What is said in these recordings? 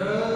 Yeah.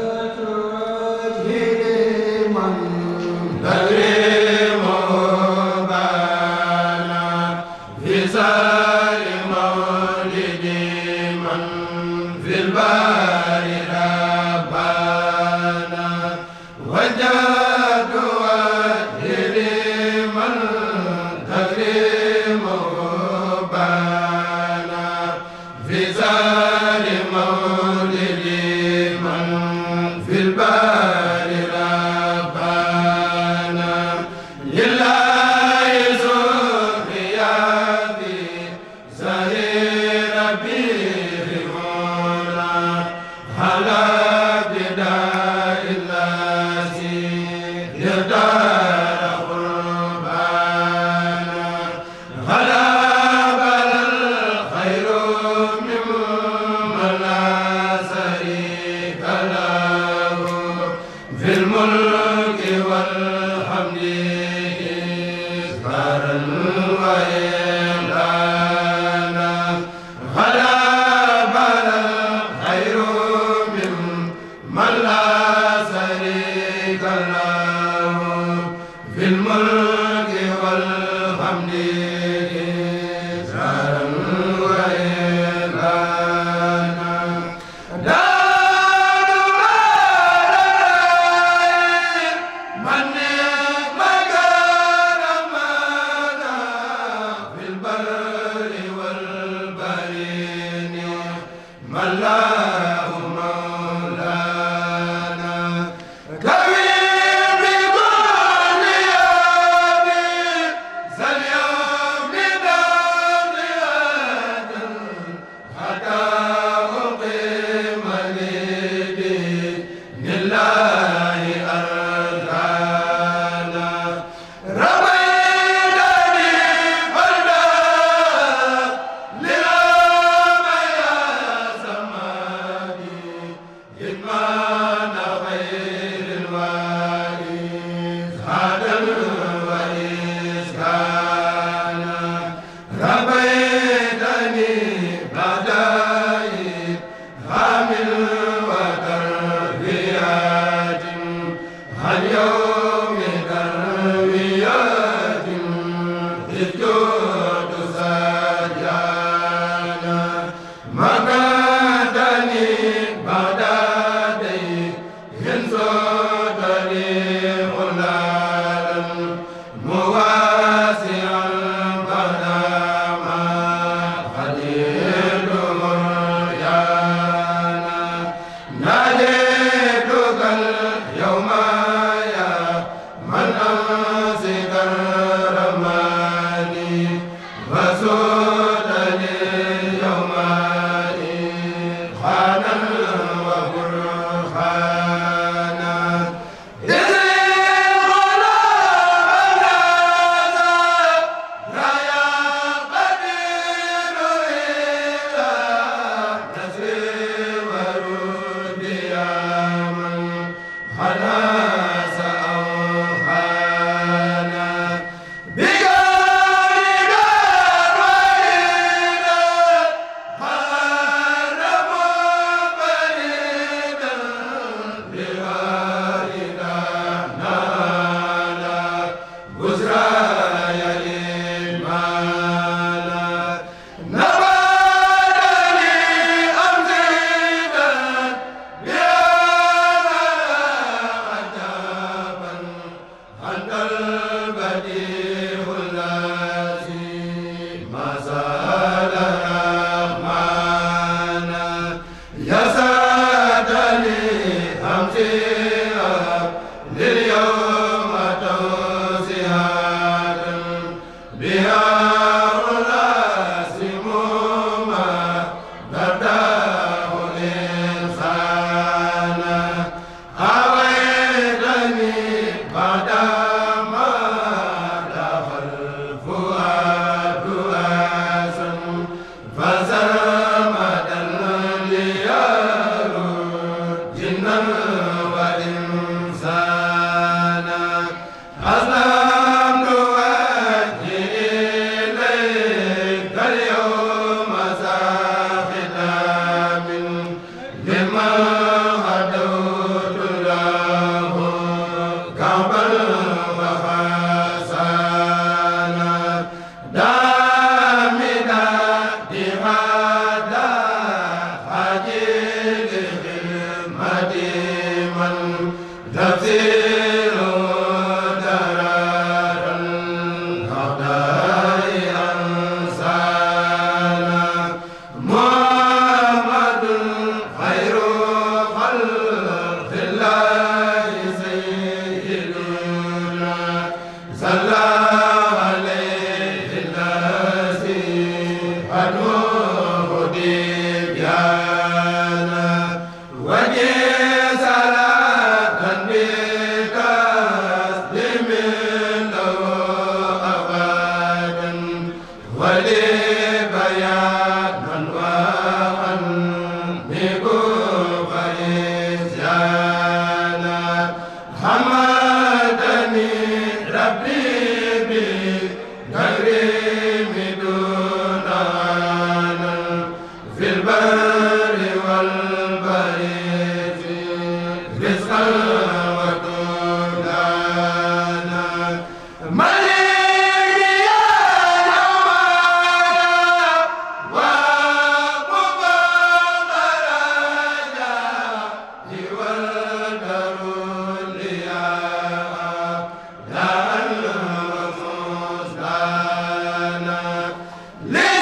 léegi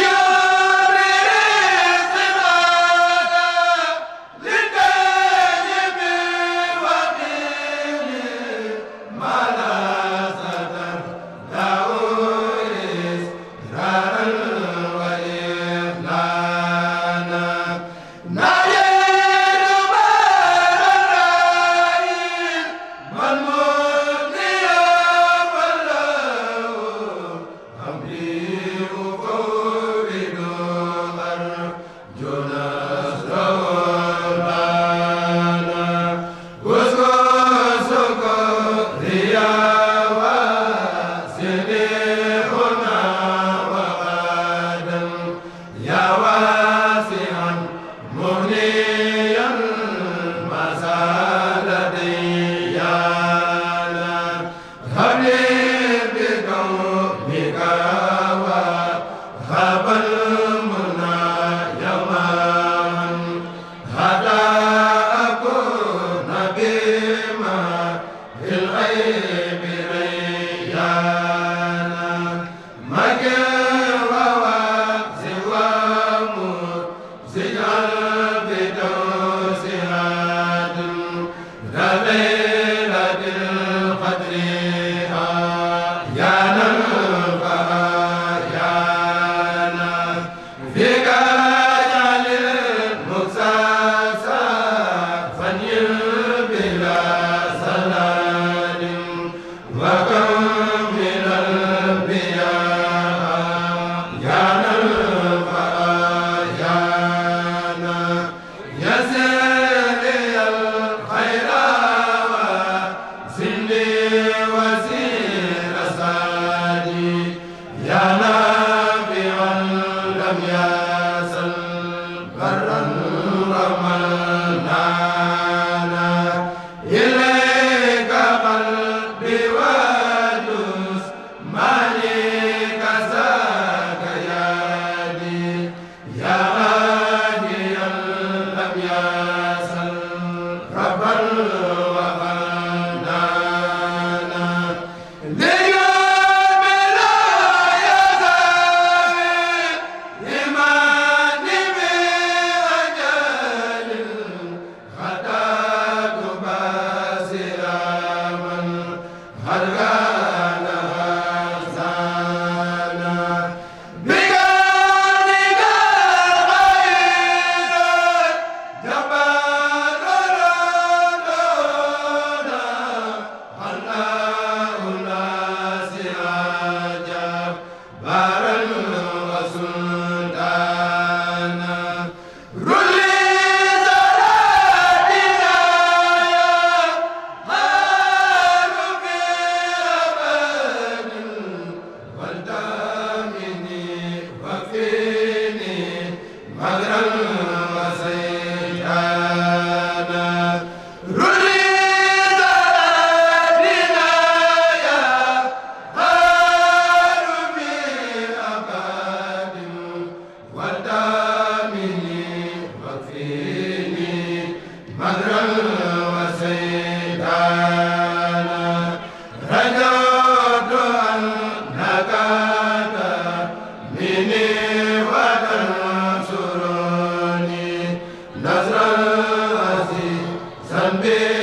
be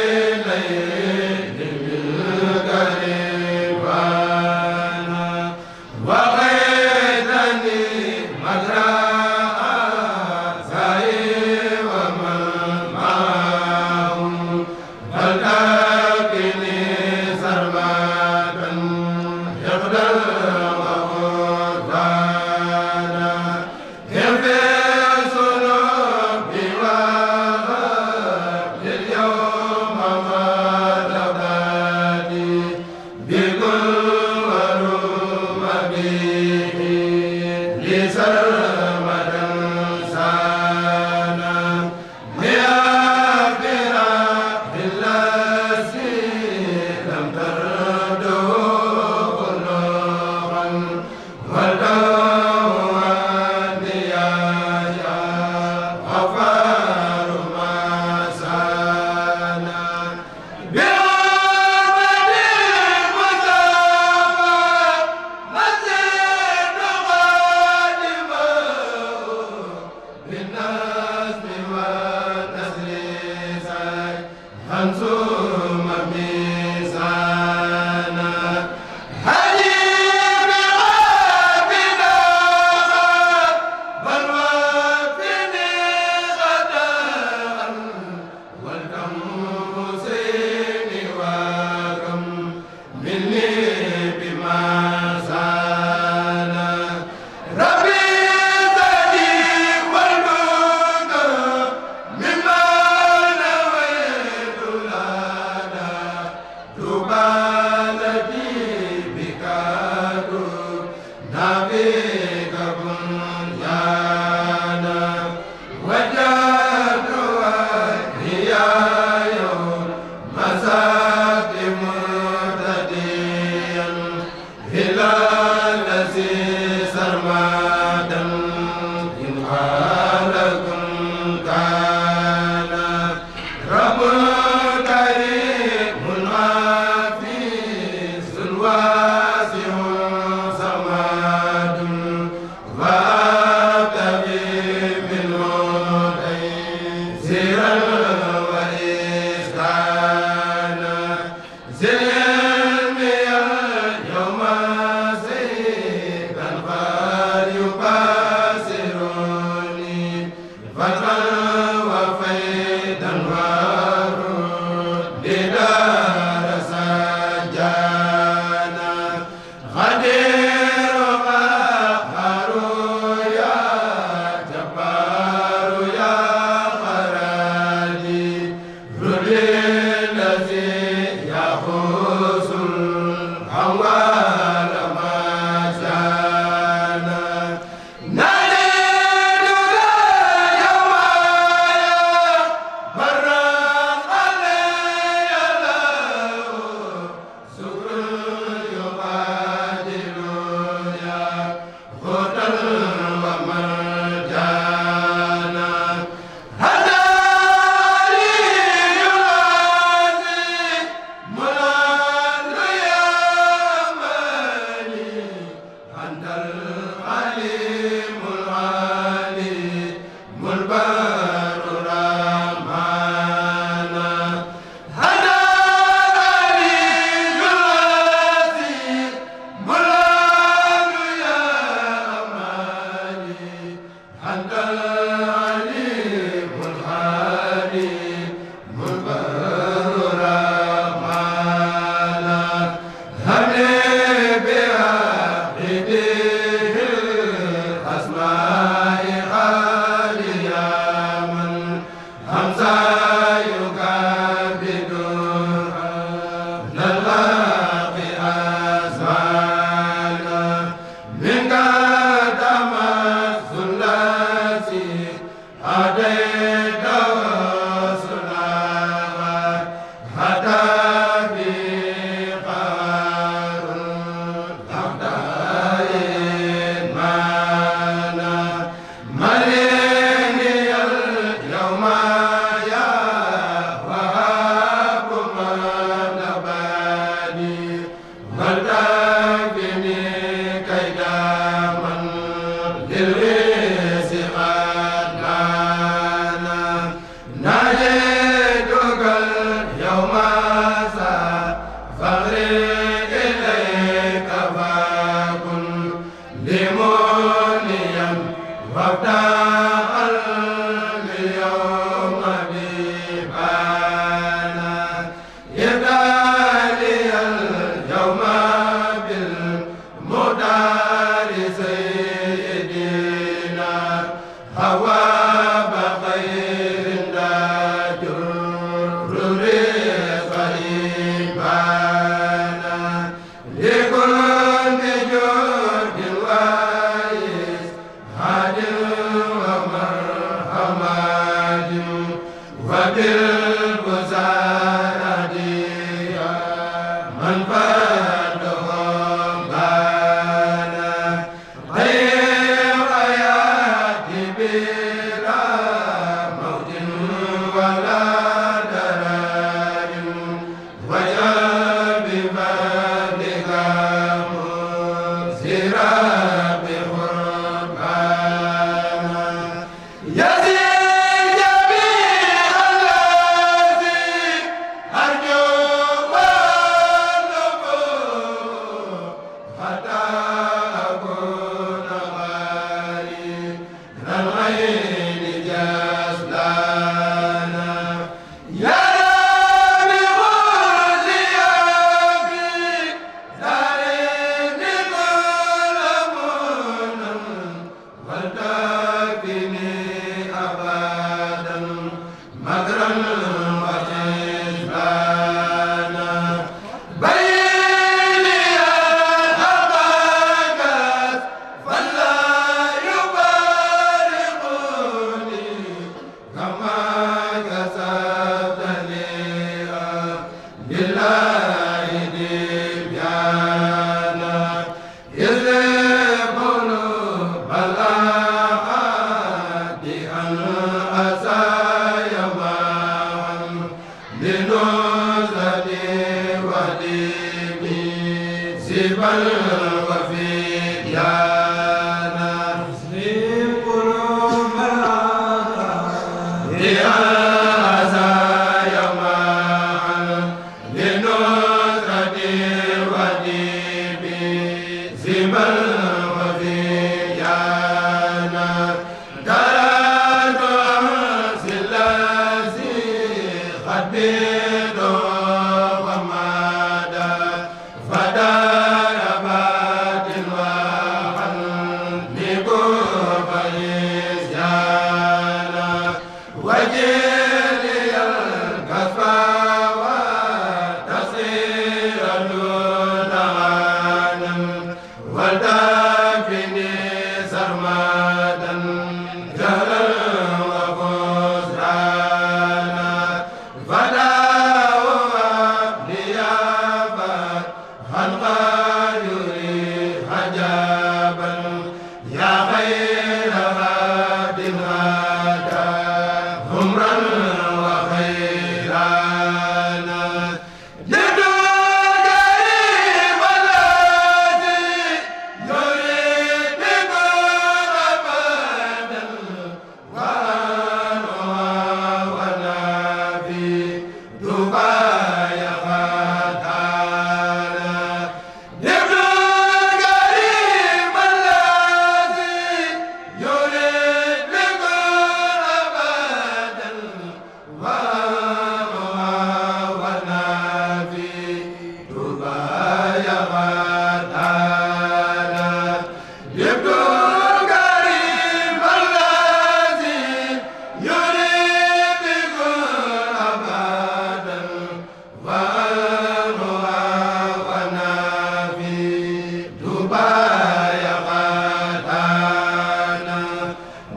Amen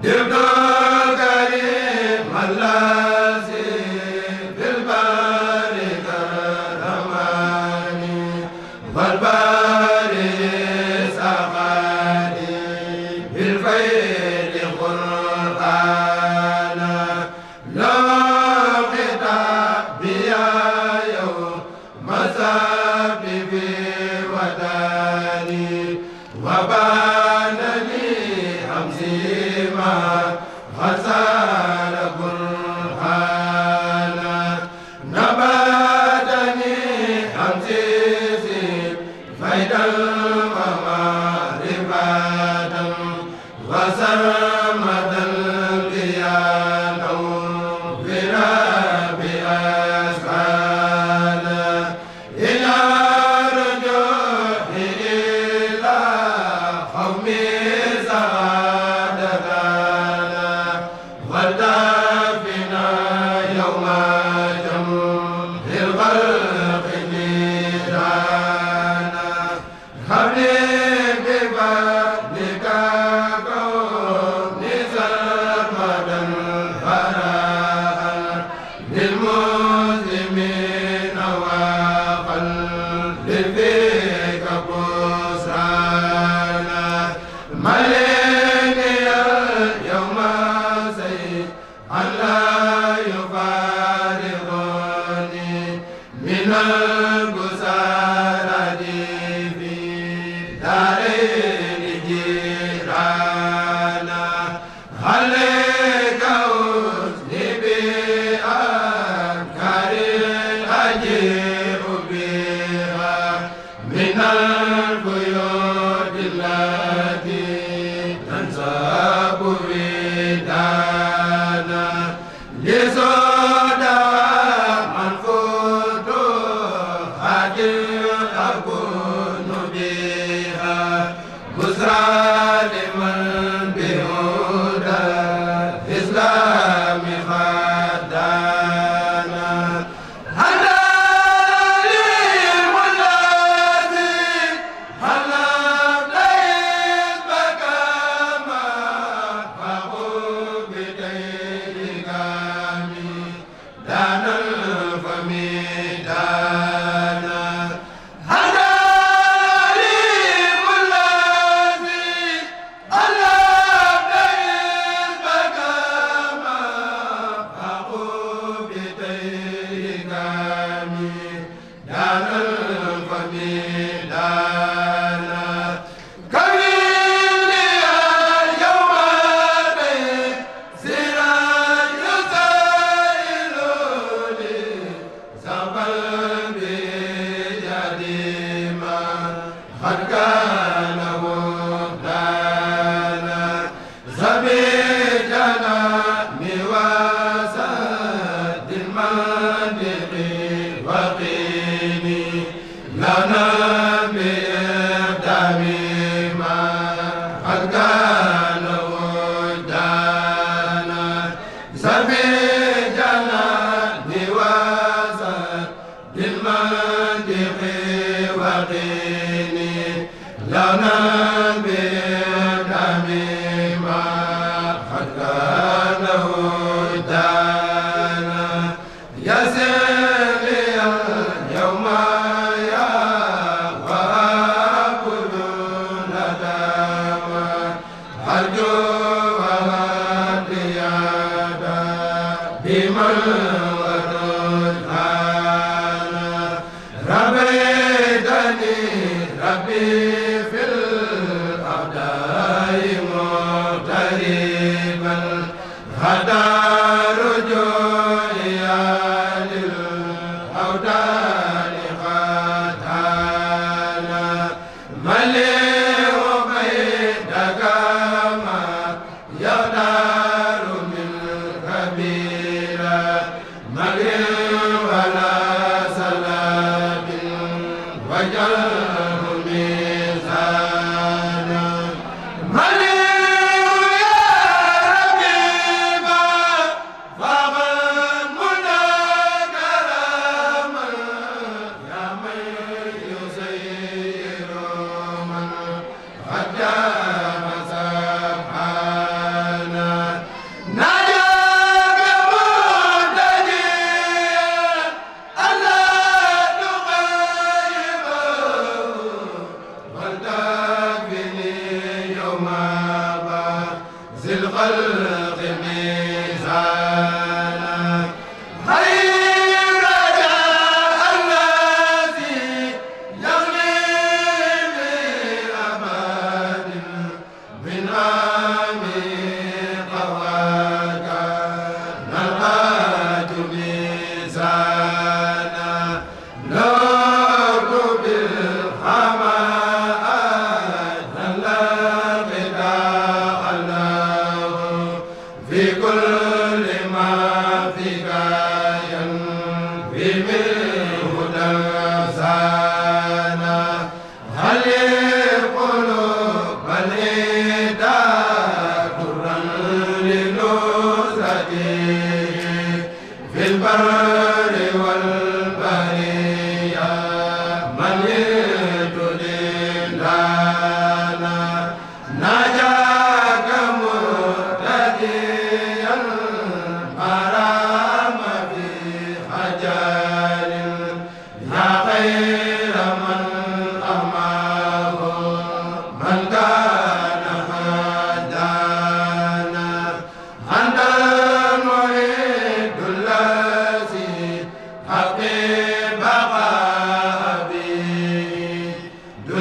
de mi minal a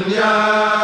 dunya